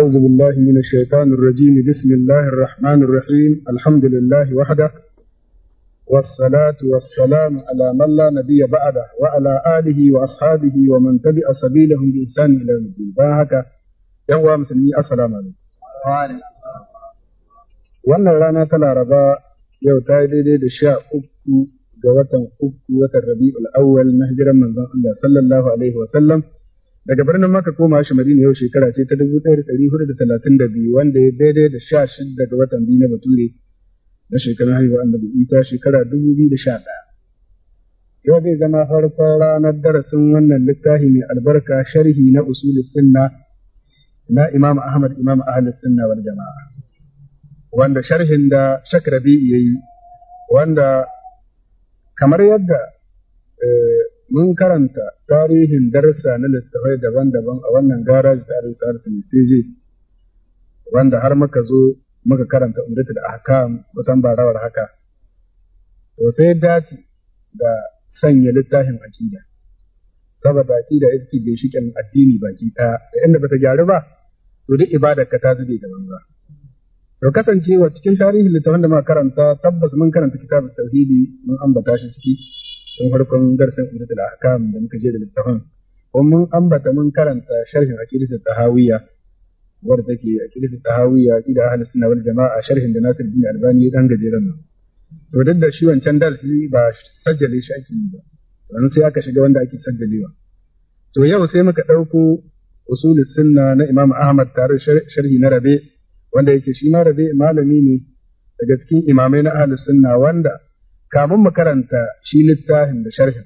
أعوذ بالله من الشيطان الرجيم بسم الله الرحمن الرحيم الحمد لله وحده والصلاة والسلام على من لا نبي بعده وعلى آله وأصحابه ومن تبع سبيلهم بإحسان إلى يوم الدين باهك يوم مسلمي السلام عليكم wannan rana ta laraba yau ta yi daidai da sha uku ga watan uku watan rabi'ul awwal na hijiran manzon Allah sallallahu alaihi wa sallam daga birnin maka koma shi madina yau shekara ce ta dubu ɗaya da ɗari hudu da talatin da biyu wanda ya daidai da sha shida ga watan biyu na bature na shekarun haihuwa annabi isa shekara dubu biyu da sha ɗaya yau zai zama farkon ranar darasin wannan littafi mai albarka sharhi na usulis sunna na imam ahmad imam ahlus sunna wal jama'a wanda sharhin da shakrabi yi, wanda kamar yadda eh, mun karanta tarihin darsa na littafai daban-daban a wannan garaji da arewa tsari siniteje wanda har muka zo muka karanta umdata da aka kusan ba rawar haka to sai dace da sanya littafin aqida saboda aqida ita ce ginshiƙin addini baki ɗaya da inda bata gyaru ba to duk ibada ka ta zube da banza to kasancewa cikin tarihin littafin da muka karanta tabbas mun karanta kitabut tauhidi mun ambata shi ciki tun farkon darsin umdatul ahkam da muka je da littafin kuma mun ambata mun karanta sharhin aqidatul tahawiyya wadda take aqidatul tahawiyya aqida ahlus sunna wal jamaa sharhin da bin Albani ya dan gajeren nan to duk da shi wancan darsi ba sajjale shi ake yi ba dan sai aka shiga wanda ake sajjalewa to yau sai muka dauko usulul sunna na Imam Ahmad tare sharhi na rabe wanda yake shi ma rabe malami ne daga cikin imamai na ahlus sunna wanda kamun mu karanta shi littafin da sharhin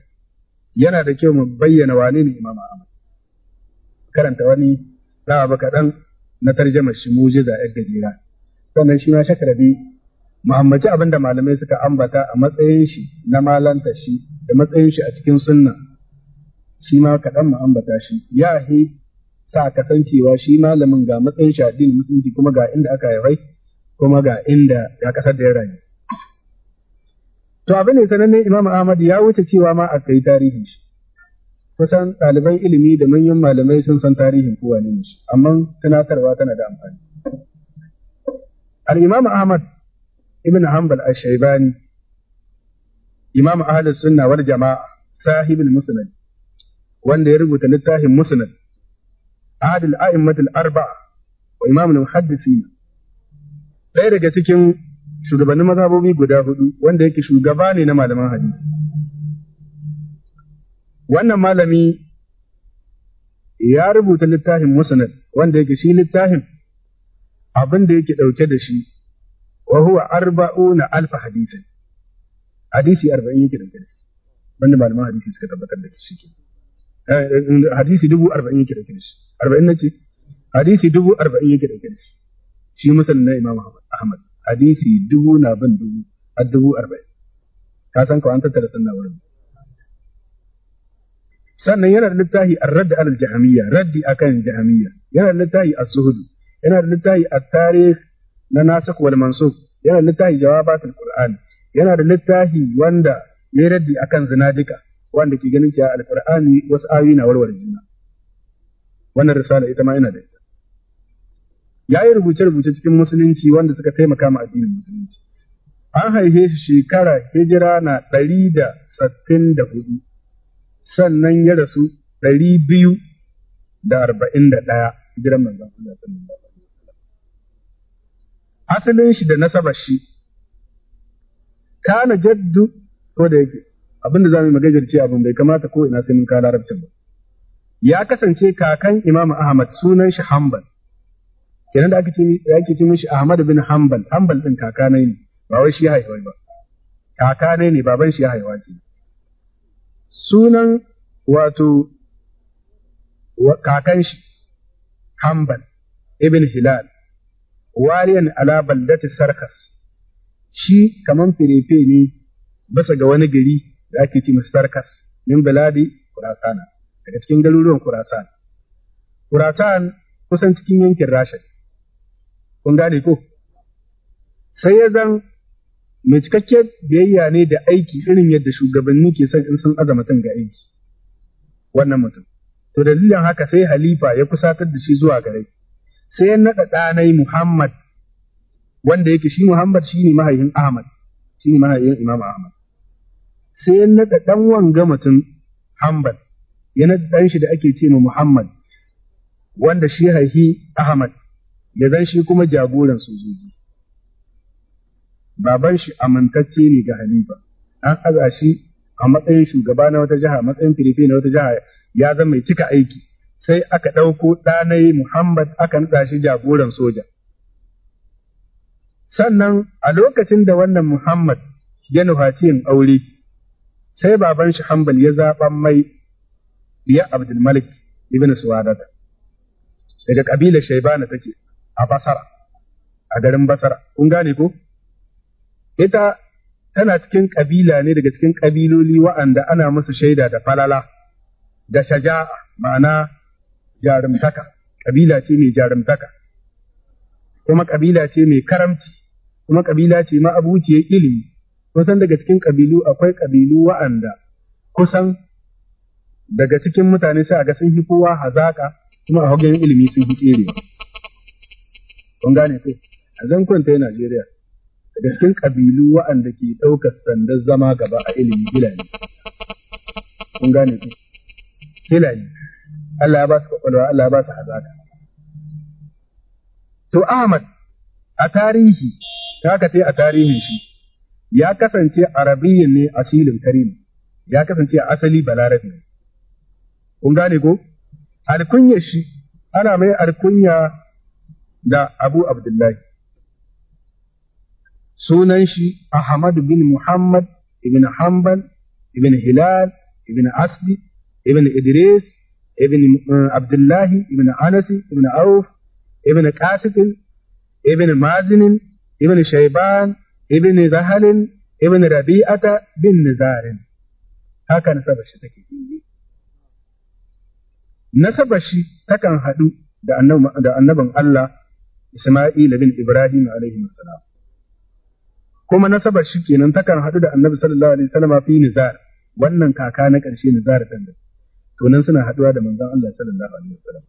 yana da kyau mu bayyana wani ne Imam Ahmad karanta wani lawa kaɗan na tarjamar shi mujiza yadda jira sannan shi ma shakarabi muhammaci abin da malamai suka ambata a matsayin shi na malanta shi da matsayin shi a cikin sunna shi ma kaɗan mu ambata shi ya hi sa kasancewa shi malamin ga matsayin shi addini mutunci, kuma ga inda aka haifai kuma ga inda ya ƙasar da ya rayu to abin ne sanannen Imam Ahmad ya wuce cewa ma a kai tarihi shi kusan ɗaliban ilimi da manyan malamai sun san tarihin kowa ne shi amma tunatarwa tana da amfani al-Imam Ahmad ibn Hanbal ash-Shaybani Imam Ahlus Sunna wal Jama'a sahibul Musnad wanda ya rubuta littafin Musnad Adil A'immatul Arba'a wa Imam al-Muhaddisin ɗaya daga cikin shugabannin mazhabobi guda hudu wanda yake shugaba ne na malaman hadisi wannan malami ya rubuta littafin musnad wanda yake shi littafin abin da yake ɗauke da shi wa huwa arba'una alfa hadisin hadisi arba'in yake ɗauke da shi malaman hadisi suka tabbatar da shi ke eh, hadisi dubu arba'in yake ɗauke da shi arba'in na ce hadisi dubu arba'in yake ɗauke da shi shi musnad na imam ahmad hadisi dubu na bin dubu a dubu arba'in ka san ko an tattara sunna wurin sannan yana da littafi a radda alal jahamiyya raddi akan jahamiyya yana da littafi a suhudu, yana da littafi a tarikh na nasakh wal mansukh yana da littafi jawabatul qur'an yana da littafi wanda ya raddi akan zinadika wanda ke ganin cewa alqur'ani wasu ayoyi na warware juna wannan risala ita ma yana da ita ya yi rubuce-rubuce cikin musulunci wanda suka taimaka ma addinin musulunci an haife shi shekara hijira na ɗari da sattin da hudu sannan ya rasu ɗari biyu da arba'in da ɗaya hijiran manzon Allah sallallahu alaihi wasallam asalin shi da nasabar shi kana jaddu ko da yake abin da zamu magajar ce abin bai kamata ko ina sai mun ka larabcin ba ya kasance kakan Imam Ahmad sunan shi Hanbal kenan da aka ce ake ce mishi Ahmad bin Hanbal Hanbal din kakana ne ba wai shi ya haifa ba Kaka ne baban shi ya haihuwa ke sunan wato kakan shi Hanbal ibn Hilal wariyan ala baldati Sarkas shi kaman firefe ne basa ga wani gari da ake ce masa Sarkas min baladi Kurasana daga cikin garuruwan Kurasana Kurasan kusan cikin yankin Rasha kun gane ko sai ya zan mai cikakke biyayya ne da aiki irin yadda shugabanni ke son in sun aza mutum ga aiki wannan mutum to dalilin haka sai halifa ya kusatar da shi zuwa gare sai ya naɗa ɗanai Muhammad wanda yake shi Muhammad shi ne mahaifin Ahmad shi ne mahaifin Imam Ahmad sai ya naɗa ɗan wanga mutum Hanbal ya naɗa ɗan shi da ake ce ma Muhammad wanda shi haihi Ahmad da zan shi kuma jagoran sojoji baban shi amintacce ne ga halifa an aza shi a matsayin shugaba na wata jiha matsayin firifi na wata jiha ya zama mai cika aiki sai aka ɗauko ɗanayi muhammad aka nutsa shi jagoran soja sannan a lokacin da wannan muhammad ya nufaci yin aure sai baban shi hambal ya zaɓan mai biya abdulmalik ibn suwadata daga ƙabilar shaibana take a Basara, a garin Basara, kun gane ko? Ita tana cikin kabila ne daga cikin ƙabiloli wa'anda ana musu shaida da falala, da shaja'a ma'ana jarumtaka, ƙabila ce mai jarumtaka, kuma ƙabila ce mai karamci, kuma ƙabila ce ma'abuciyar ilimi, kusan daga cikin ƙabilu akwai ƙabilu wa'anda kusan daga cikin mutane sai a ga sun fi kowa hazaka kuma a hagen ilimi sun fi tserewa. kun gane ko a zankon ta Najeriya daga cikin kabilu waɗanda ke ɗaukar sandar zama gaba a ilimi Fulani kun gane ko Fulani Allah ya ba su kwakwalwa Allah ya ba su hazaka to Ahmad a tarihi ta ka a tarihin shi ya kasance arabiyyin ne asilin karim ya kasance a asali balarabi ne kun gane ko alkunya shi ana mai alkunya da Abu Abdullahi. Sunan shi Ahmad bin Muhammad ibn Hanbal ibn Hilal ibn Asbi ibn Idris ibn uh, Abdullahi ibn Anas ibn Auf ibn Qasim ibn Mazin ibn Shayban ibn Zahal ibn Rabi'ata bin Nizar Haka nasabar shi take. Nasabar shi takan haɗu da annabin Allah Isma'il bin Ibrahim alaihi salam kuma nasabar shi kenan takan haɗu da Annabi sallallahu alaihi wasallam fi nizar wannan kaka na ƙarshe nizar din to nan suna haɗuwa da manzon Allah sallallahu alaihi wasallam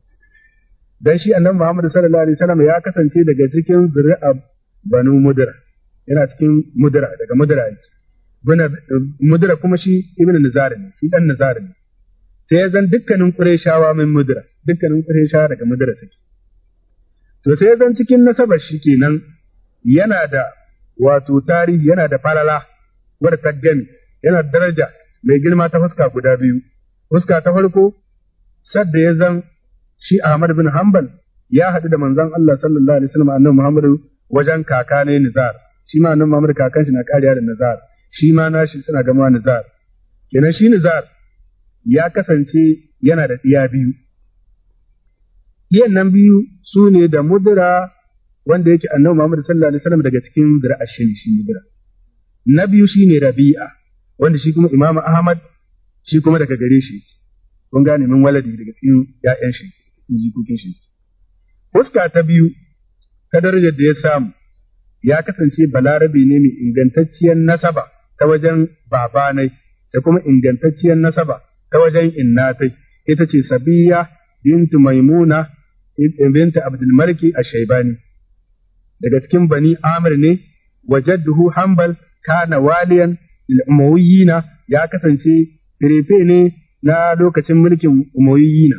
dan shi Annabi Muhammad sallallahu alaihi wasallam ya kasance daga cikin zuri'a Banu Mudra yana cikin Mudra daga Mudra yake Mudra kuma shi ibn Nizar ne shi dan Nizar ne sai ya zan dukkanin Qurayshawa min Mudra dukkanin Qurayshawa daga Mudra suke to sai zan cikin nasabar shi kenan yana da wato tarihi yana da falala wadda ta gani yana da daraja mai girma ta fuska guda biyu fuska ta farko sadda ya zan shi Ahmad bin Hanbal ya haɗu da manzon Allah sallallahu alaihi wasallam annabi Muhammad wajen kaka ne Nizar shi ma annabi Muhammad kakan shi na kariya da Nizar shi ma nashi suna gama Nizar kenan shi Nizar ya kasance yana da ɗiya biyu giyan nan biyu su ne da mudura wanda yake annabi Muhammad sallallahu alaihi wasallam daga cikin zira'a shi shi mudura na biyu shine rabi'a wanda shi kuma Imam Ahmad shi kuma daga gare shi kun gane min waladi daga cikin ya'yan shi cikin jikokin shi fuska ta biyu ta darajar da ya samu ya kasance balarabe ne mai ingantacciyar nasaba ta wajen babanai da kuma ingantacciyar nasaba ta wajen innatai ita ce sabiya bintu maimuna binta malki a shaibani daga cikin Bani Amir ne wa duhu Hanbal kana waliyan lil Umayyina ya kasance firife ne na lokacin mulkin Umayyina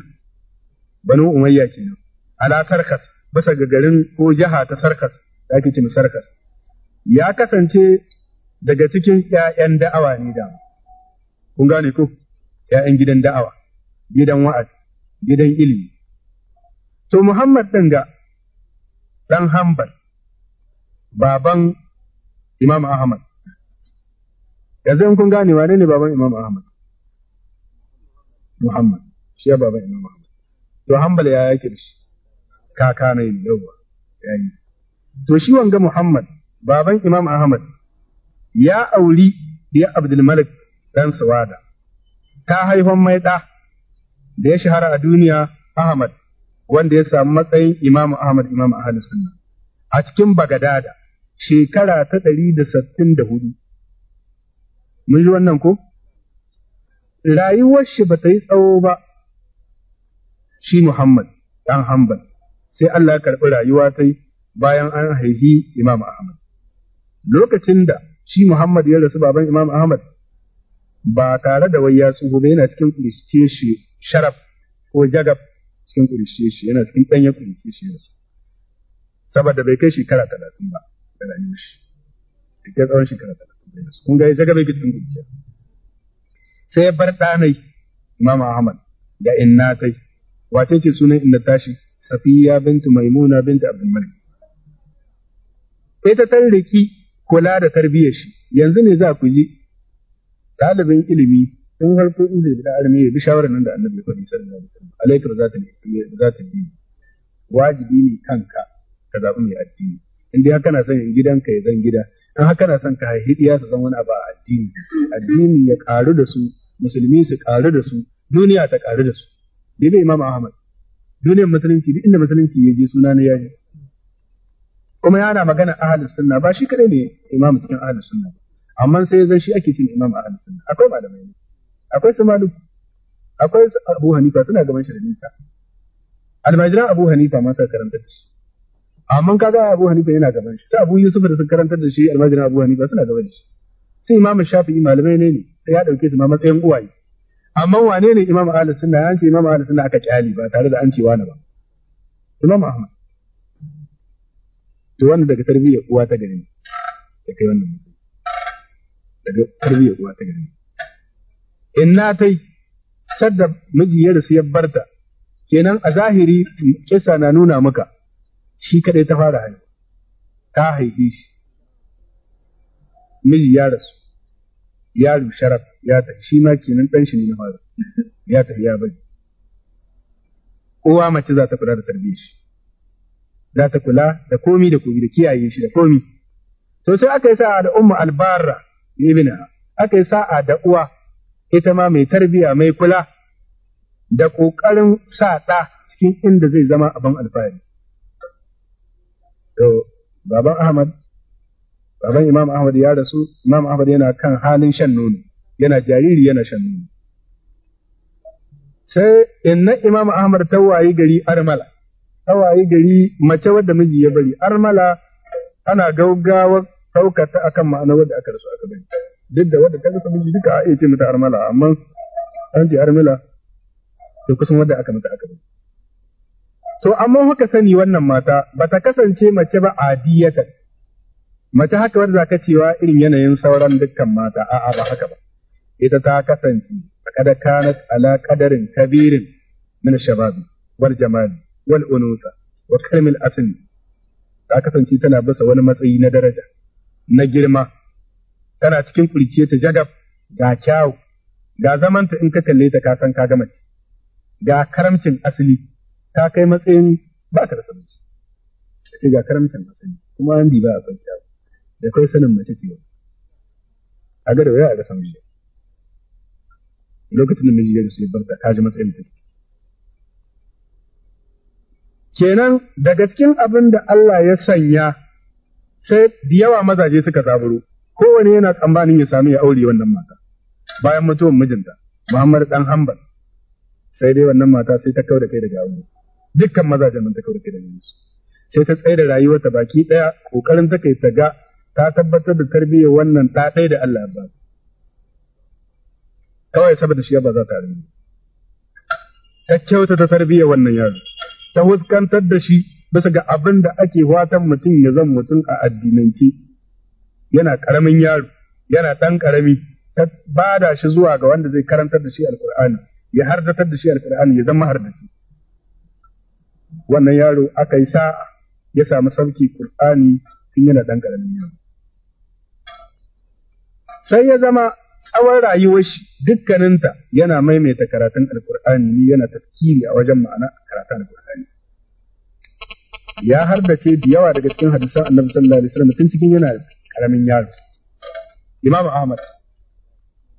Banu Umayya kenan ala Sarkas bisa ga garin ko jiha ta Sarkas da ake cin Sarkas ya kasance daga cikin ƴaƴan da'awa ne da kun gane ko ƴaƴan gidan da'awa gidan wa'ad gidan ilimi to Muhammad ɗin ga ɗan Hanbal baban Imam Ahmad yanzu in kun gane wane ne baban Imam Ahmad Muhammad shi ya baban Imam Ahmad to Hanbal ya yake da shi kaka ne yawa yayi to shi wanga Muhammad baban Imam Ahmad ya auri ya Abdulmalik ɗan dan Sawada ta haifan mai ɗa da ya shahara a duniya Ahmad wanda ya samu matsayin Imam Ahmad Imam Ahlus Sunna a cikin Bagadada shekara ta ɗari da da hudu. Mun ji wannan ko? Rayuwar shi ba ta yi tsawo ba, shi Muhammad ɗan Hanbal, sai Allah ya karɓi rayuwa ta bayan an haifi Imam Ahmad. Lokacin da shi Muhammad ya rasu baban Imam Ahmad ba tare da wai ya gobe ba yana cikin ƙulishe sharaf ko jagab cikin kurishe shi yana cikin ɗanyen kurishe shi yanzu saboda bai kai shekara talatin ba da yi shi bai kai tsawon shekara talatin ba yanzu kun ga ya bai cikin kurishe sai ya bar ɗanai imam ahmad da inna kai wace ce sunan inna tashi safiya bintu maimuna bintu abdul malik ita ta riki kula da tarbiyyar shi yanzu ne za ku ji ɗalibin ilimi in har ko in zai bi da arme ya bi shawarar nan da annabi ya faɗi sallallahu alaihi wasallam alaikar zata zata dini wajibi ne kanka ka zaɓi mai addini in dai haka na son gidanka ya zan gida in haka na son ka haihi ya su zan wani abu a addini addini ya ƙaru da su musulmi su ƙaru da su duniya ta ƙaru da su dai da imam ahmad duniyar musulunci duk inda musulunci ya je suna na yaji kuma yana magana ahlus sunna ba shi kadai ne imam cikin ahlus sunna amma sai zai shi ake cin imam ahlus sunna akwai malamai ne akwai su Malik akwai su Abu Hanifa suna gaban shi da nisa almajiran Abu Hanifa ma suka karanta da shi amma kaga Abu Hanifa yana gaban shi sai Abu Yusuf da suka karantar da shi almajiran Abu Hanifa suna gaban shi sai Imam Shafi'i malamai ne ne sai ya dauke su ma matsayin uwaye amma wane ne Imam Ahlus Sunna ya ce Imam Ahlus Sunna aka kyali ba tare da an ce wani ba Imam Ahmad to wannan daga tarbiyyar uwa ta gari ne da kai wannan daga tarbiyyar uwa ta gari inna tai sadda miji ya rasu ya barta kenan a zahiri kisa na nuna maka shi kadai ta fara hali, ta haife shi miji ya rasu ya sharaf ya tafi shi ma kenan dan shi ne na fara ya tafi ya bari uwa mace za ta kula da tarbiyyar shi za ta kula da komi da komi da kiyaye shi da komi to sai aka yi sa'a da ummu albarra ibina aka yi sa'a da uwa ita ma mai tarbiya mai kula da ƙoƙarin sa ɗa cikin inda zai zama abin alfahari. To, baban Ahmad, baban Imam Ahmad ya rasu, Imam Ahmad yana kan halin shan nono, yana jariri yana shan nono. Sai inna Imam Ahmad ta wayi gari armala, ta wayi gari mace wadda miji ya bari, armala ana gaugawa ɗaukata akan ma'ana wadda aka rasu aka bari. duk da wadda ta ga duka a iya ce mata armala amma an ce armala to kusan wadda aka mata aka bari to amma haka sani wannan mata ba ta kasance mace ba adiyatan mace haka wadda zaka cewa irin yanayin sauran dukkan mata a'a ba haka ba ita ta kasance kada kanat ala qadarin kabirin min shababi wal jamali wal unusa wa kalmil asli ta kasance tana bisa wani matsayi na daraja na girma tana cikin kurciye ta jagab ga kyawu ga zamanta in ka kalle ta ka san ka gama ga karamcin asali ta kai matsayin ba ka da sabanci ce ga karamcin asali kuma an ba a san kyawu da kai sanin mace ce a ga da waya a ga san jiya lokacin da miji ya rasu ya barta ka ji matsayin ta kenan daga cikin abin da Allah ya sanya sai da yawa mazaje suka zaburo kowane yana tsammanin ya sami ya aure wannan mata bayan mutuwan mijinta Muhammad dan Hanbal sai dai wannan mata sai ta kauda kai daga aure dukkan mazajen nan ta kauda kai daga su sai ta tsaya da rayuwarta baki daya kokarin ta kai ta ga ta tabbatar da tarbiyyar wannan ta ɗaya da Allah ba kawai saboda shi ba za ta rinni ta kyauta ta tarbiyyar wannan yaro ta huskantar da shi bisa ga abin da ake watan mutum ya zama mutum a addinance yana ƙaramin yaro yana ɗan ƙarami, ta bada shi zuwa ga wanda zai karantar da shi Alƙur'ani, ya hardatar da shi Alƙur'ani, ya zama harzaci. wannan yaro aka yi sa'a ya samu sauki ƙur'ani tun yana ɗan ƙaramin yaro sai ya zama tsawon rayuwar shi dukkaninta yana maimaita karatun Alƙur'ani, ne yana tafkiri a wajen ma'ana karatun Alƙur'ani. ya hardace da yawa daga cikin hadisan annabi sallallahu alaihi wasallam tun cikin yana karamin yaro Imam Ahmad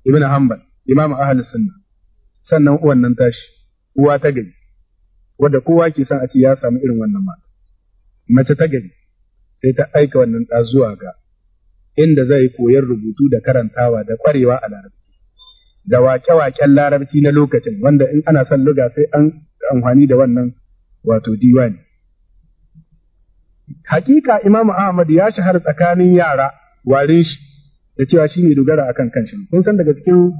Ibn Hanbal Imam Ahlus Sunna sannan uwan nan tashi uwa ta gari wadda kowa ke son a ce ya samu irin wannan mata mace ta gari sai ta aika wannan ɗa zuwa ga inda zai koyar rubutu da karantawa da kwarewa a larabci da wake-waken larabci na lokacin wanda in ana son luga sai an amfani da wannan wato diwani hakika Imam Ahmad ya shahara tsakanin yara warin shi da cewa shi ne dogara akan kanshi kun san daga cikin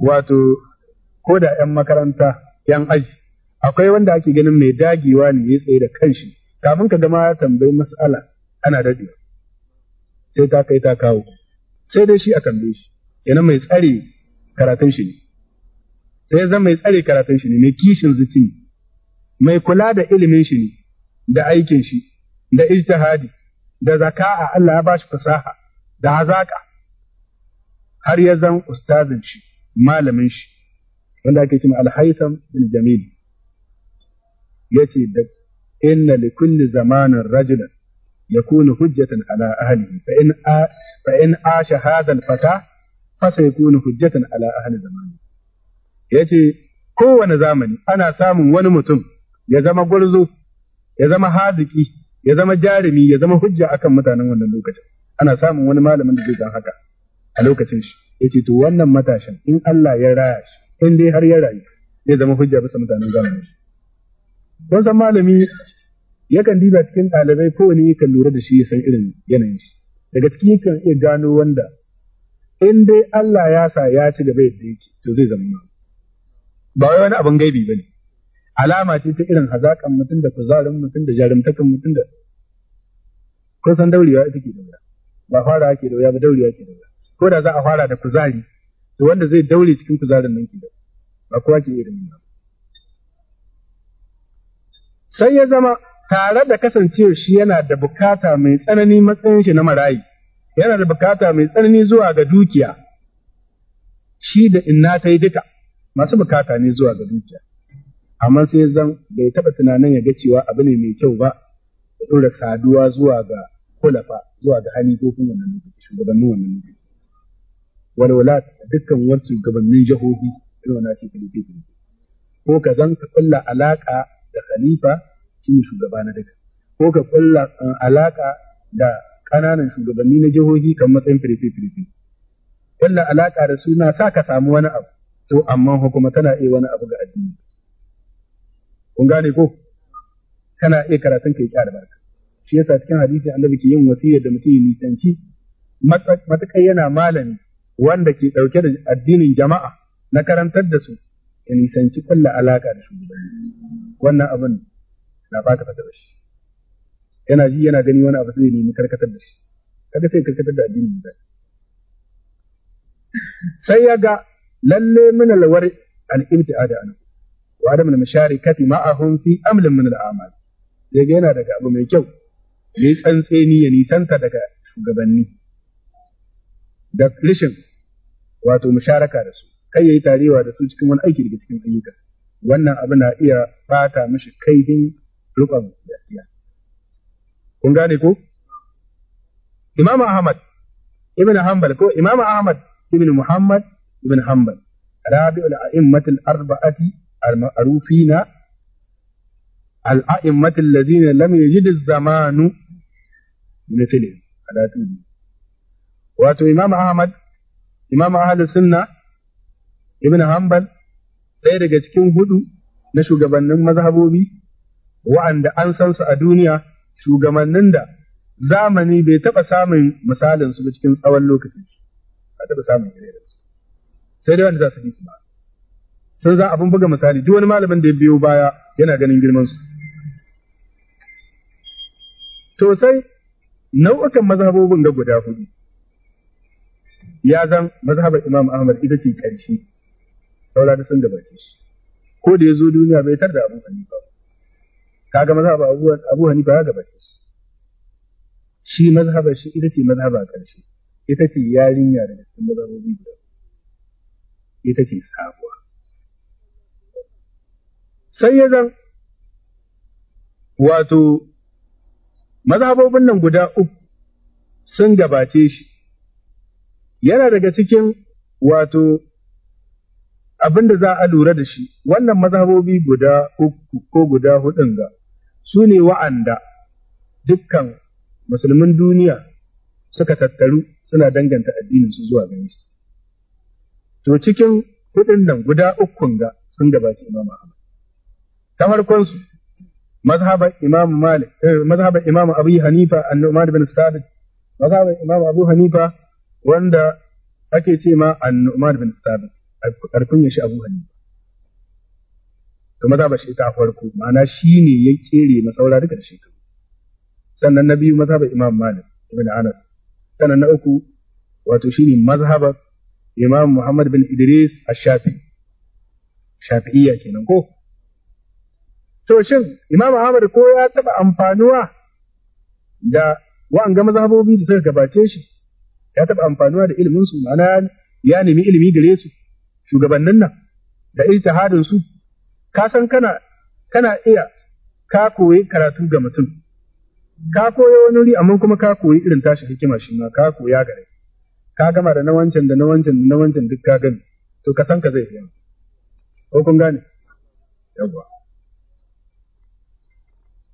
wato ko da 'yan makaranta 'yan aji akwai wanda ake ganin mai dagewa ne ya tsaye da kanshi kafin ka gama ya tambayi mas'ala ana daɗe sai ta kai ta kawo sai dai shi a tambaye shi yana mai tsare karatun shi ne sai zan mai tsare karatun shi ne mai kishin zuci ne mai kula da ilimin shi ne da aikin shi da ijtihadi da zaka'a Allah ya bashi fasaha da hazaka har ya zan ustazin shi malamin shi wanda ake cewa al-haytham bin jamil yace da inna li kulli zamanin rajulan yakunu hujjatan ala in fa in asha fata fa sayakunu hujjatan ala ahli zamani yace kowane zamani ana samun wani mutum ya zama gurzu ya zama ya zama jarumi ya zama hujja akan mutanen wannan lokacin ana samun wani malamin da zai zan haka a lokacin shi yace to wannan matashin in Allah ya raya shi in dai har ya rayu zai zama hujja bisa mutanen zamanin shi kun san malami yakan diba cikin ɗalibai kowane yakan lura da shi ya san irin yanayin shi daga ciki yakan iya gano wanda in dai Allah ya sa ya ci gaba yadda yake to zai zama ba wai wani abin gaibi bane alama ce ta irin hazaƙan mutum da kuzarin mutum da jarumtakan mutum da kusan san daurewa ita ke daura ba fara ake daura ba daurewa ke daura ko da za a fara da kuzari to wanda zai daure cikin kuzarin nan ke da ba kowa ke irin nan sai ya zama tare da kasancewar shi yana da bukata mai tsanani matsayin shi na marayi yana da bukata mai tsanani zuwa ga dukiya shi da inna ta yi duka masu bukata ne zuwa ga dukiya amma sai zan bai taɓa tunanin ya ga cewa abu ne mai kyau ba ya ɗora saduwa zuwa ga kulafa zuwa ga halifofin wannan lokaci shugabannin wannan lokaci walwala dukkan wasu shugabannin jihohi irin wani ce kalife kalife ko ka zan ka kulla alaƙa da khalifa shine shugaba na duka ko ka kulla eh, alaƙa da ƙananan shugabanni na jihohi kan matsayin firife firife kulla alaƙa da suna sa ka samu wani abu to amma hukuma tana iya wani abu ga addini kun gane ko kana iya karatun kai kyara barka shi yasa cikin hadisi annabi ke yin wasiya da mutum ya nisanci matakai yana malami wanda ke dauke da addinin jama'a na karantar da su ya nisanci kulla alaka da shugabanni wannan abin na baka fata da shi yana ji yana gani wani abu sai ne mu karkatar da shi kaga sai karkatar da addinin mutane sai ya ga lalle min alwar al-ibtiada anhu wa adam al musharikati ma'ahum fi amlin min al a'mal sai ga yana daga abu mai kyau ya tsantseni ya nisanta daga shugabanni da rishin wato musharaka da su kai yayi tarewa da su cikin wani aiki daga cikin ayyuka wannan abu na iya fata mishi kaidin rukun gaskiya kun gane ko Imam Ahmad ibn Hanbal ko Imam Ahmad ibn Muhammad ibn Hanbal rabi'ul a'immatil arba'ati المعروفين الأئمة الذين لم يجد الزمان مثلهم على تودي واتو إمام أحمد إمام أهل السنة ابن daga cikin hudu na shugabannin mazhabobi wa'anda an san su a duniya shugabannin da zamani bai taɓa samun misalin su cikin tsawon lokaci ba sai dai wanda za su bi su ba sun za abin buga misali duk wani malamin da ya biyo baya yana ganin girman su to sai nau'ukan mazhabobin ga guda hudu ya zan mazhabar Imam Ahmad ita ce ƙarshe saura da sun gabace shi ko da ya zo duniya bai tar da Abu Hanifa kaga mazhabar Abu Abu Hanifa ya gabace shi shi mazhabar shi ita ce mazhaba ƙarshe ita ce yarinya daga cikin mazhabobi guda ita ce sabuwa sai ya zan wato mazhabobin nan guda uku sun gabace shi yana daga cikin wato abin da za a lura da shi wannan mazhabobi guda uku ko guda hudun ga su ne wa'anda dukkan musulmin duniya suka tattaru suna danganta addininsu zuwa gare shi to cikin hudun nan guda ukun ga sun gabace Imam Ahmad ta farkon imam abu hanifa annu'man bin sabit imam abu hanifa wanda ake ce ma bin sabit shi abu hanifa to mazhabar shi ta farko ma'ana ne ya kere masaura duka da shekaru sannan na biyu mazhabar imam malik ibn anas sannan na uku wato ne mazhabar imam muhammad bin idris a shafi shafi'iyya kenan ko to shin Imam Ahmad ko ya taba amfanuwa da wa'anga mazhabobi da suka gabace shi ya taba amfanuwa da ilimin su ma'ana ya nemi ilimi gare su shugabannin nan da ijtihadin su ka san kana kana iya ka koyi karatu ga mutum ka koyi wani wuri amma kuma ka koyi irin tashi hikima shi ma ka koya gare ka gama da na wancan da na wancan da na wancan duk ka gani to ka san ka zai fiye ko kun gane yawwa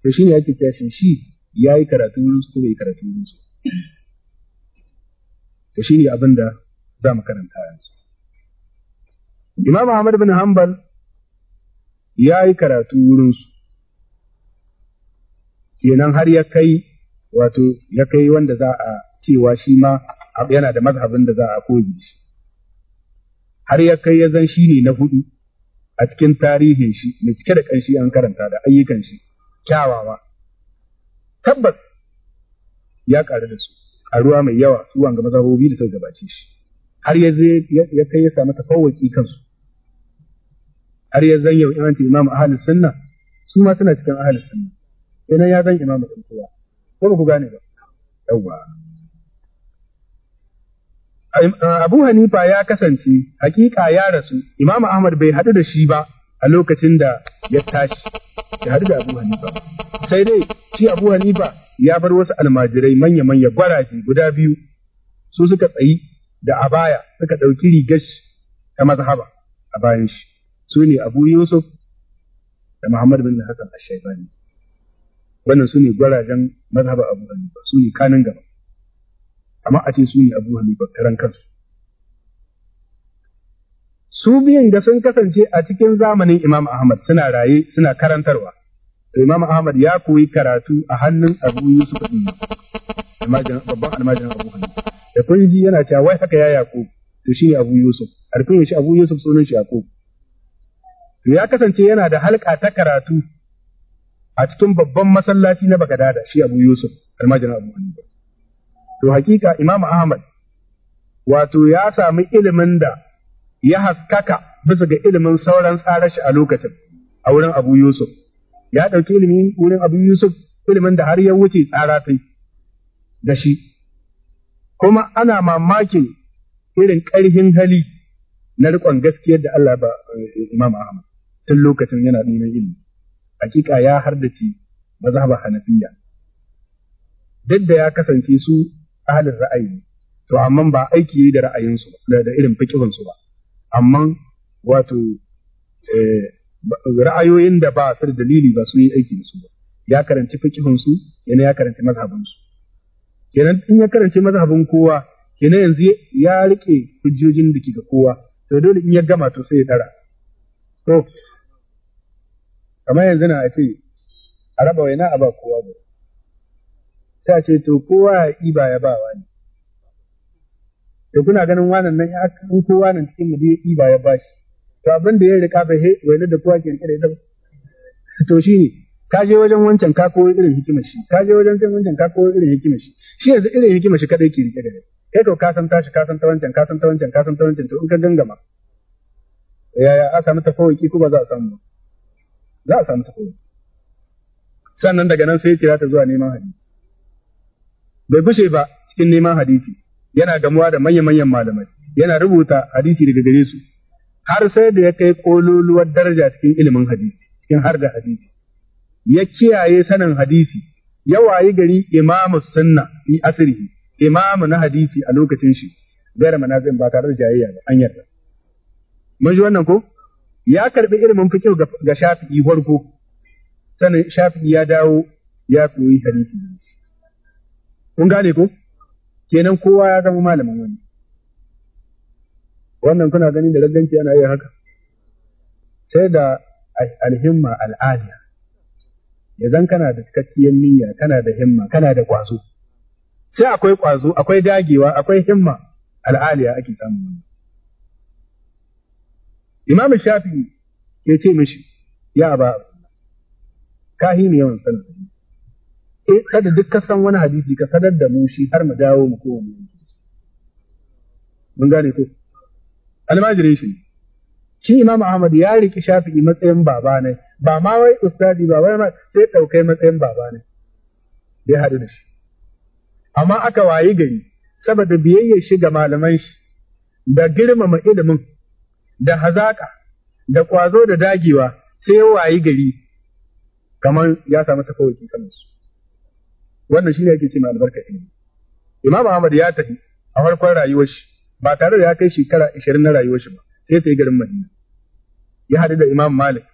to shine yake cewa shi ya yayi karatu wurin su ko bai karatu wurin su to shine abin da za mu karanta yanzu Imam Ahmad bin Hanbal yayi karatu wurin su kenan har ya kai wato ya kai wanda za a cewa shi ma yana da mazhabin da za a koyi shi har ya kai ya zan shi ne na hudu a cikin tarihin shi mai cike da kanshi an karanta da ayyukan shi kyawawa tabbas ya ƙaru da su ƙaruwa mai yawa su wanga mazahobi da suka gabace shi har ya ya kai ya samu tafawwaki kansu har ya zan yau imanci imam ahlus sunna su ma suna cikin ahlus sunna ina ya zan imam din kowa ko ba ku gane ba Yawwa! Abu Hanifa ya kasance hakika ya rasu Imam Ahmad bai haɗu da shi ba a lokacin da ya tashi ya haɗu da Abu Hanifa sai dai shi Abu Hanifa ya bar wasu almajirai manya manya gwaraje guda biyu su suka tsayi da abaya suka ɗauki rigar shi ta mazhaba a bayan shi su ne Abu Yusuf da Muhammad bin Hassan ash shaibani wannan su ne gwarajen mazhaba Abu Hanifa su ne kanin gaba amma a ce su ne Abu Hanifa karan kansu su biyun da sun kasance a cikin zamanin Imam Ahmad suna raye suna karantarwa. Imam Ahmad ya koyi karatu a hannun Abu Yusuf babban almajirin Abu Hanifa. Da kun ji yana cewa wai haka ya yaƙo to ne Abu Yusuf. Arkin shi Abu Yusuf sunan shi Yakub. To ya kasance yana da halka ta karatu a cikin babban masallaci na Bagadada shi Abu Yusuf almajirin Abu Hanifa. To hakika Imam Ahmad wato ya sami ilimin da ya haskaka bisa ga ilimin sauran tsarashi a lokacin a wurin Abu Yusuf ya ɗauki ilimi wurin Abu Yusuf ilimin da har ya wuce tsara sai da shi kuma ana mamakin irin ƙarfin hali na riƙon gaskiyar da Allah ba eh, Imam Ahmad tun lokacin yana neman ilimi hakika ya hardace mazhaba Hanafiya duk da ya kasance su ahalin ra'ayi to amma ba aiki da ra'ayinsu da irin fiqhunsu ba amma wato eh, ra'ayoyin da ba su da dalili ba su yi aiki da su ba ya karanci fikihun su yana ya karanci mazhabin su kenan in ya karanci mazhabin kowa kenan yanzu ya rike hujjojin da ke ga kowa to dole in ya gama to sai ya dara to kamar yanzu na a ce a raba waina a ba kowa ba ta ce to kowa ya iba ya ba wani da kuna ganin wannan nan ya in ko wanan cikin mu zai yi ba ya bashi to abin da ya rika fa he wai da kowa ke rike da ita to shi ne ka je wajen wancan ka koyi irin hikimar shi ka je wajen can wancan ka koyi irin hikimar shi shi yanzu irin hikimar shi kadai ke rike da ita kai to ka san tashi ka san ta wancan ka san ta wancan ka san ta wancan to in ka gangama yaya a samu tafawaki ko ba za a samu ba za a samu tafawaki sannan daga nan sai kira ta zuwa neman hadisi bai bushe ba cikin neman hadisi yana gamuwa da manya-manyan malamai yana rubuta hadisi daga gare su har sai da ya kai kololuwar daraja cikin ilimin hadisi cikin har da hadisi ya kiyaye sanin hadisi ya wayi gari imamu sunna fi asrihi imamu na hadisi a lokacin shi gaira manazin ba tare da jayayya ba an yarda mun ji wannan ko ya karbi ilimin fiqh ga Shafi'i farko sanin Shafi'i ya dawo ya koyi hadisi kun gane ko kenan kowa ya zama malamin wani wannan kuna ganin da ragganci ana yi haka sai da alhimma al'aliya ya zan kana da cikakkiyar niyya kana da himma kana da kwazo sai akwai kwazo akwai dagewa akwai himma al'aliya ake samun wannan imam shafi ya ce mishi ya ba ka hini yawan da eh kada duk ka san wani hadisi ka sanar da mu shi har mu dawo mu koma mu mun gane ko almajirin shi shi imam ahmad ya riki shafi'i matsayin baba ne ba ma wai ustadi ba wai ma sai daukai matsayin baba ne bai haɗu da shi amma aka wayi gari saboda biyayyar shi ga malaman shi da girmama ilimin da hazaka da kwazo da dagewa sai wayi gari kamar ya samu tafawaki kamar su wannan shi ne ake cewa albarka ilimi Imam Ahmad ya tafi a farkon rayuwar shi ba tare da ya kai shekara 20 na rayuwar shi ba sai sai garin Madina ya haɗu da Imam Malik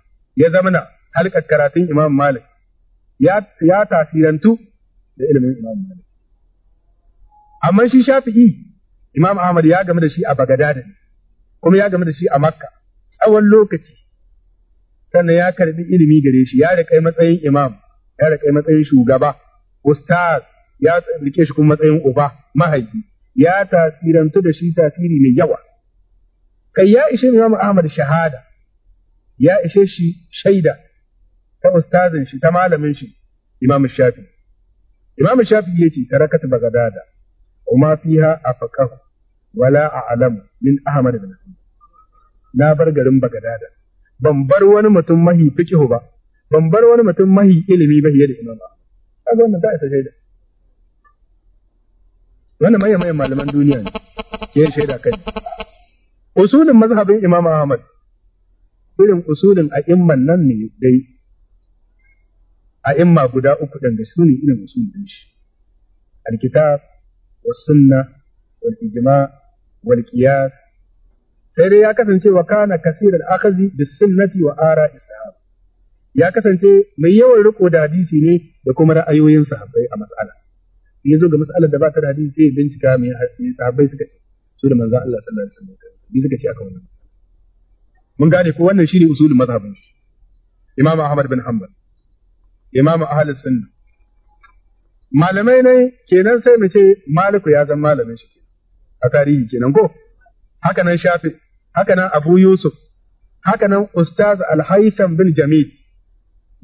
ya zamana halkar karatun Imam Malik ya ya tasirantu da ilimin Imam Malik amma shi Shafi'i Imam Ahmad ya gamu da shi a Bagadad kuma ya gamu da shi a Makka tsawon lokaci sannan ya karbi ilimi gare shi ya riƙa matsayin imam ya riƙa matsayin shugaba ustaz ya rike shi kuma matsayin uba mahaifi ya tasirantu da shi tasiri mai yawa kai ya ishe Imam Ahmad shahada ya ishe shi shaida ta ustazin shi ta malamin shi Imam Shafi Imam Shafi yace tarakatu bagadada وما fiha afaqahu wala a'lamu min Ahmad ibn حنبل na bar garin Bagadada ban bar wani mutum mahi fikihu ba ban bar wani mutum mahi ilimi ba fiye da Imam kaga wannan ta shaida wannan mai mai malaman duniya ne ke shaida kai usulin mazhabin Imam Ahmad irin usulin a'imman nan ne dai A imma guda uku dan da su ne irin usulin shi alkitab wasunna, walƙijima, walƙiyar, sai dai ya kasance wa kana kaseer al akhzi bis sunnati wa ara ishab ya kasance mai yawan riko da hadisi ne da kuma ra'ayoyin sahabbai a mas'ala in zo ga mas'alar da ba ta da hadisi sai bincika mai sahabbai suka ce su da manzon Allah sallallahu alaihi wasallam ni suka ce akan wannan mun gane ko wannan shine usulul mazhabin Imam Ahmad bin Hanbal Imam Ahlus Sunnah malamai ne kenan sai mu ce Maliku ya zama malamin shi a tarihi kenan ko haka nan Shafi haka nan Abu Yusuf haka nan Ustaz Al-Haytham bin Jamil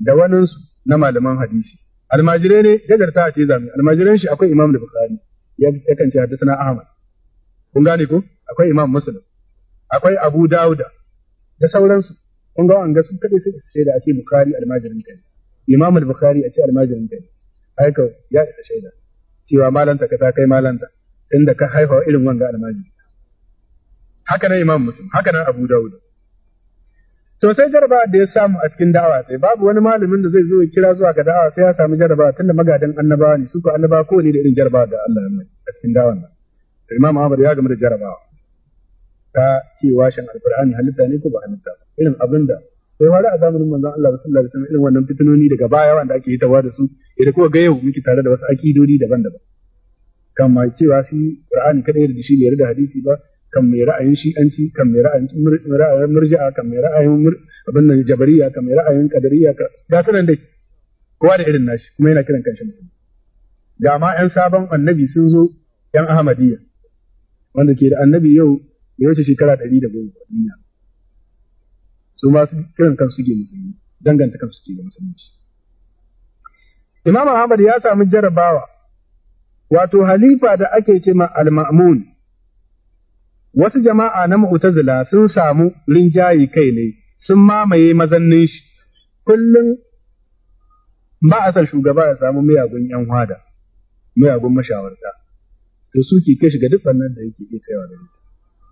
da waninsu na malaman hadisi almajirai ne gajarta ce zami almajiran shi akwai imam da bukhari ya kan ce na ahmad kun gane ko akwai imam muslim akwai abu dauda da sauransu kun ga an ga sun kade su shaida ake bukhari almajirin kai imam al-bukhari a ce almajirin kai aika ya isa shaida cewa malanta ka ta kai malanta inda ka haifa irin wanga almajiri haka nan imam muslim haka nan abu dauda to sai jarabawa da ya samu a cikin da'awa sai babu wani malamin da zai zo ya kira zuwa ga da'awa sai ya samu jarabawa tunda magadan annabawa ne su ko annabawa ko ne da irin jarabawa da Allah ya mai a cikin da'awan nan Imam Ahmad ya gamu da jarabawa ta cewa shan alqur'ani halitta ne ko ba halitta ba irin abinda sai wani a zamanin manzon Allah sallallahu alaihi wasallam irin wannan fitinoni daga baya wanda ake hitawa da su idan kuma ga yau muke tare da wasu akidodi daban-daban kan ma cewa shi Qur'ani kada rubuce shi ne yarda hadisi ba kan mai ra'ayin shi'anci kan mai ra'ayin murji'a kan mai ra'ayin abin nan jabariya kan mai ra'ayin kadariya ga su nan dai kowa da irin nashi kuma yana kiran kanshi mutum ga ma yan sabon annabi sun zo yan ahmadiyya wanda ke da annabi yau ya wuce shekara ɗari da goma a duniya su ma kiran kansu suke musulmi danganta kansu ke ga musulunci Imam Ahmad ya samu jarabawa wato halifa da ake ce ma al-ma'mun wasu jama'a na mu'tazila sun samu rinjaye kai ne sun mamaye mazannin shi kullum ba a san shugaba ya samu miyagun yan hada miyagun mashawarta to su ke kai shiga duk wannan da yake iya kaiwa da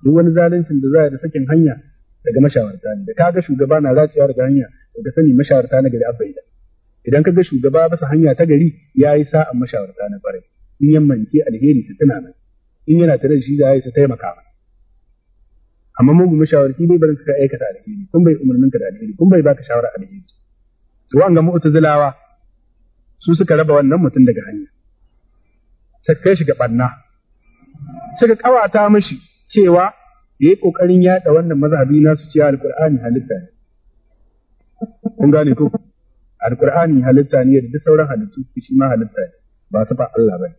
duk wani zaluncin da za da sakin hanya daga mashawarta ne da ka ga shugaba na zaciya daga hanya daga sani mashawarta na gari abaida idan ka ga shugaba basa hanya ta gari ya yi sa'an mashawarta na barai, in ke alheri su tuna mai in yana tare da shi a yi su taimaka mai amma mu shawarci bai barin ka aikata alheri kun bai umarnin ka da alheri kun bai baka shawara alheri to an ga mu'tazilawa su suka raba wannan mutum daga hanya ta kai shi ga barna suka kawata mishi cewa yayi kokarin yada wannan mazhabi su cewa alqur'ani halitta ne kun gane ko alqur'ani halitta ne da sauran halittu shi ma halitta ne ba su ba Allah bane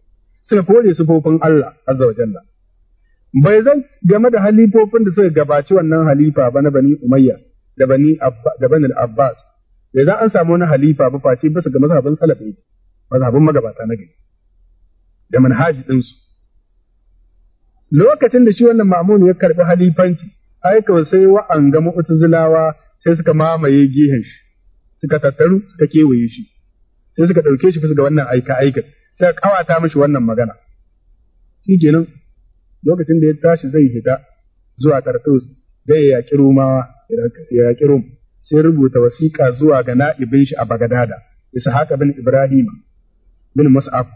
suka kore sufofin Allah azza wa jalla bai zan game da halifofin da suka gabaci wannan halifa ba na bani umayya da bani da bani abbas bai zan an samu wani halifa ba face bisa ga mazhabin salafi mazhabin magabata na gari da manhaji din su lokacin da shi wannan ma'mun ya karbi halifanci ai kawai sai wa'anga mu'tazilawa sai suka mamaye gehen shi suka tattaru suka kewaye shi sai suka dauke shi bisa ga wannan aika aikin sai kawata mishi wannan magana shi kenan lokacin da ya tashi zai fita zuwa Tartus zai yaƙi Rumawa ya yaƙi Rom sai rubuta wasiƙa zuwa ga na'ibin shi a Bagadada haka bin Ibrahim bin Mus'ab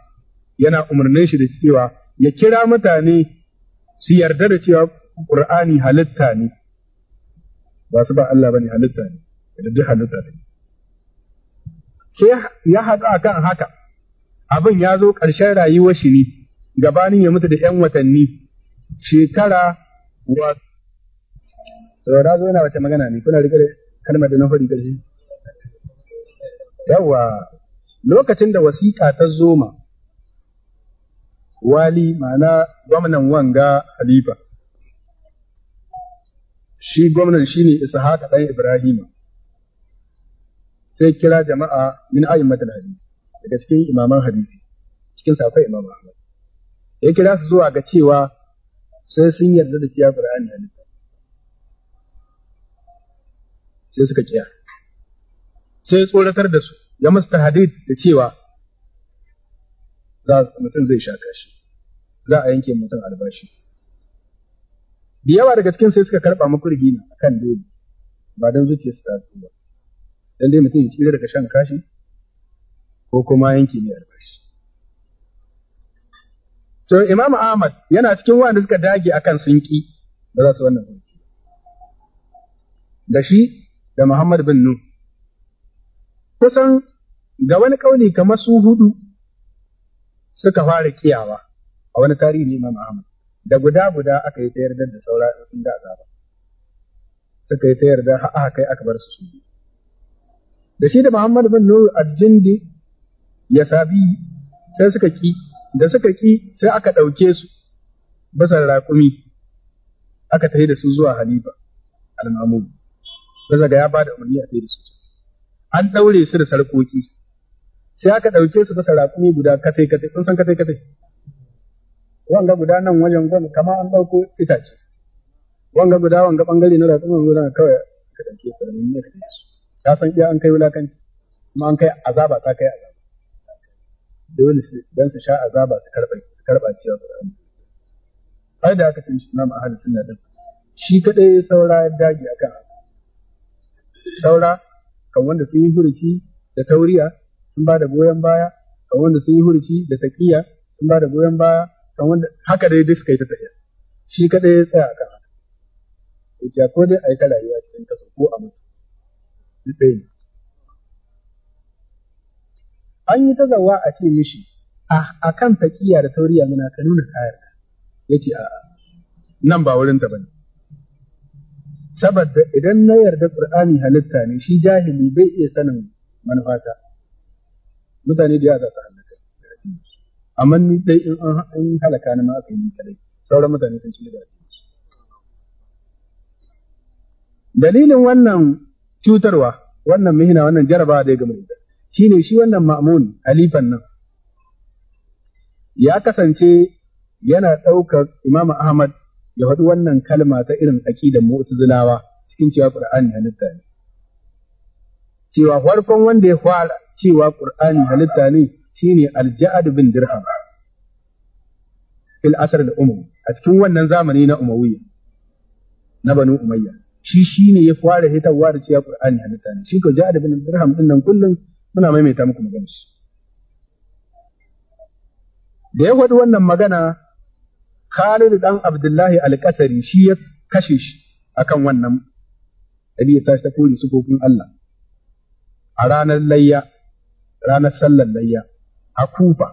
yana umarnin shi da cewa ya kira mutane su yarda da cewa Qur'ani halitta ne ba su ba Allah bane halitta ne da duk halitta ne sai ya haɗu akan haka abin ya zo ƙarshen rayuwar shi ne gabanin ya mutu da ‘yan watanni shekara wa da zo yana wata magana ne kuna rigare kalmar da na fari ƙarshe yawa lokacin da wasiƙa ta zoma wali ma'ana gwamnan wanga halifa shi gwamnan shi ne ishaqa ɗan Ibrahim. sai kira jama'a min a'immatul hadisi daga cikin imaman hadisi cikin sa akwai imam ahmad ya kira su zuwa ga cewa sai sun yarda da cewa Qur'ani nufa sai suka kiya sai tsoratar da su ya musta hadid da cewa za mutum zai shaka shi za a yanke mutum albashi da yawa daga cikin sai suka karɓa makurgi na kan dole ba don su ta ba. don dai mutum ya tsira daga shan kashi ko kuma yanke ne albashi to Imam Ahmad yana cikin wanda suka dage akan sun ki ba za su wannan sunki. da shi da Muhammad bin Nu kusan ga wani kauni kamar su hudu suka fara kiyawa a wani tarihi ne Imam Ahmad da guda guda aka yi ta yarda da saura sun da azaba suka yi ta yarda har aka kai aka bar su su da shi da Muhammad bin Nu al-Jindi ya sabi sai suka ki da suka ki sai aka ɗauke su basar raƙumi aka tafi da su zuwa halifa al-mamud daga ga ya bada umarni a tafi da su an ɗaure su da sarƙoƙi sai aka ɗauke su basar raƙumi guda katai katai kun san katai katai wanga guda nan wajen gwam kama an ɗauko itace wanga guda wanga ɓangare na raƙumin guda kawai ka ɗauke su da mun ne ka san iya an kai wulakanci kuma an kai azaba ta kai azaba dole dan su sha azaba su karba su karba cewa Qur'ani ai da aka ce shi Imam Ahlus Sunna din shi kadai saura ya dage akan saura kan wanda sun yi furuci da tauriya sun ba da goyon baya kan wanda sun yi furuci da taqiya sun ba da goyon baya kan wanda haka dai duk kai ta tafiya shi kadai ya tsaya akan haka ya ko dai yi ta rayuwa cikin kaso ko a mutu duk ɗaya ne an yi ta zawa a ce mishi a kan taƙiya da tauriya muna ka nuna kayar ya ce a nan ba wurin ta bane saboda idan na yarda qur'ani halitta ne shi jahili bai iya sanin manufata mutane da yawa za su halaka amma ni dai in an halaka ni ma aka yi kadai sauran mutane sun ci da dalilin wannan cutarwa wannan mihina wannan jarabawa da ya gama da Shi ne shi wannan ma'mun alifan nan ya kasance yana ɗaukar Imam Ahmad ya faɗi wannan kalma ta irin aƙidan mu'tazilawa cikin cewa Qur'ani halitta ne cewa farkon wanda ya fara cewa Qur'ani halitta ne shine al bin Dirham fil asr al-ummi a cikin wannan zamani na Umawiyya, na Banu Umayya shi shine ya fara hitarwa da cewa Qur'ani halitta ne shi ko Ja'ad bin Dirham din nan kullun muna maimaita muku magana shi da ya faɗi wannan magana Khalid ɗan Abdullahi Alƙasari shi ya kashe shi akan wannan Nabi ta ta kori sufofin Allah a ranar layya ranar sallar layya a Kufa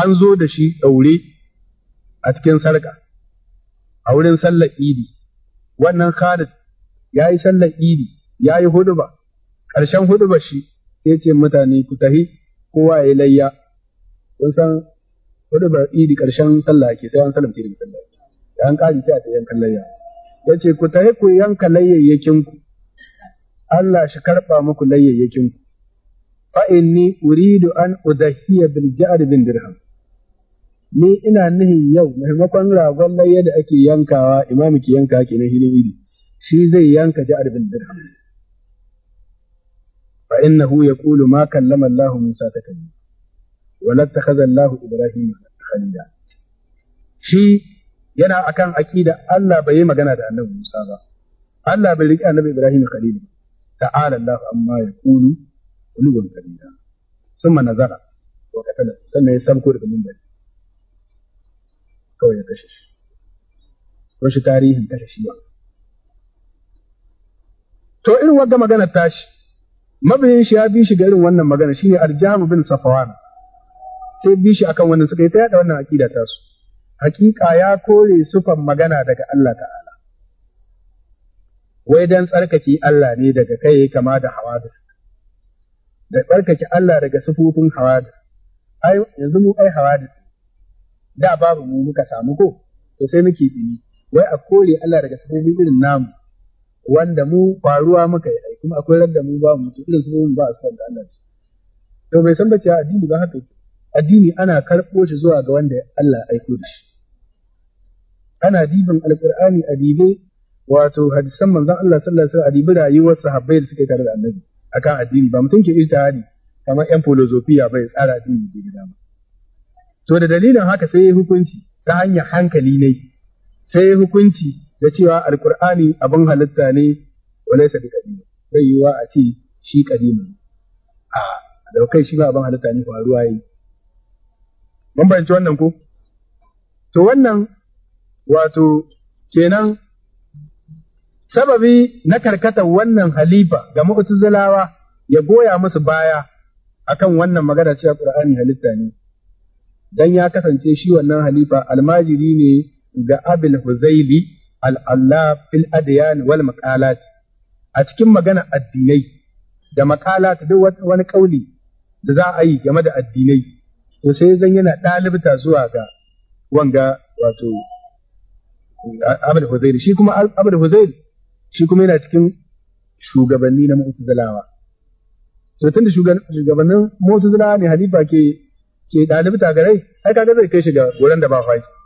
an zo da shi ɗaure a cikin sarka a wurin sallar Idi wannan Khalid ya yi sallar Idi ya yi huduba ƙarshen huduba shi sai ce mutane ku tahi kowa ya yi layya kun san ba idi karshen sallah ke sai an salamce da sallah da an kari sai a ta yanka layya ya ce ku tahi ku yanka layyayyakin ku Allah shi karɓa muku layyayyakin ku fa inni uridu an udahiya bil bin dirham ni ina nihin yau maimakon ragon layya da ake yankawa imamu ke yanka kenan hilin idi shi zai yanka ja'ar bin dirham فإنه يقول ما كلم الله موسى تكلما ولا اتخذ الله إبراهيم خليلا شي yana akan aƙida Allah bai yi magana da annabi Musa ba Allah bai riƙe annabi Ibrahim khalil ta'ala Allah amma ya kulu ulul kabira summa nazara wa katala sannan ya sabko daga minbari kawai ya kashe shi wasu tarihin kashe shi ba to irin wadda magana tashi mabiyin shi ya bi shi garin wannan magana shine arjamu bin safawan sai bi shi akan wannan suka yi ta yada wannan akida ta su hakika ya kore sufan magana daga Allah ta'ala wai dan tsarkake Allah ne daga kai kama da hawadis da tsarkake Allah daga sufufin hawadis ai yanzu mu ai hawadis da babu mu muka samu ko to sai muke dini wai a kore Allah daga sufufin irin namu wanda mu faruwa muka yi kuma akwai radda mu ba mu irin su ba a san da Allah to bai san bace addini ba haka addini ana karbo shi zuwa ga wanda Allah ya aiko da shi ana dibin alqur'ani a wato hadisan manzon Allah sallallahu alaihi wasallam adibi rayuwar sahabbai da suke tare da annabi akan addini ba mutum ke ijtihadi kamar yan filozofiya bai tsara addini da gida ba to da dalilin haka sai ya hukunci ta hanyar hankali ne sai ya hukunci da cewa alkur'ani abin halitta ne laisa bi qadim zai yi wa a ce shi qadim a da kai shi ba abin halitta ne faruwa ruwaye mun bayyana wannan ko to wannan wato kenan sababi na karkatar wannan halifa ga mu'tazilawa ya goya musu baya akan wannan magana cewa qur'ani halitta ne dan ya kasance shi wannan halifa almajiri ne ga abul huzaibi al'allaf fil adiyan wal maqalat a cikin magana addinai da maqalat duk wani kauli da za a yi game da addinai to sai zan yana ɗalibta zuwa ga wanga wato Abd Huzair shi kuma Abd Huzair shi kuma yana cikin shugabanni na Mu'tazilawa to tunda shugabannin Mu'tazilawa ne Halifa ke ke ɗalibta ga rai ai kaga zai kai shi ga wurin da ba faki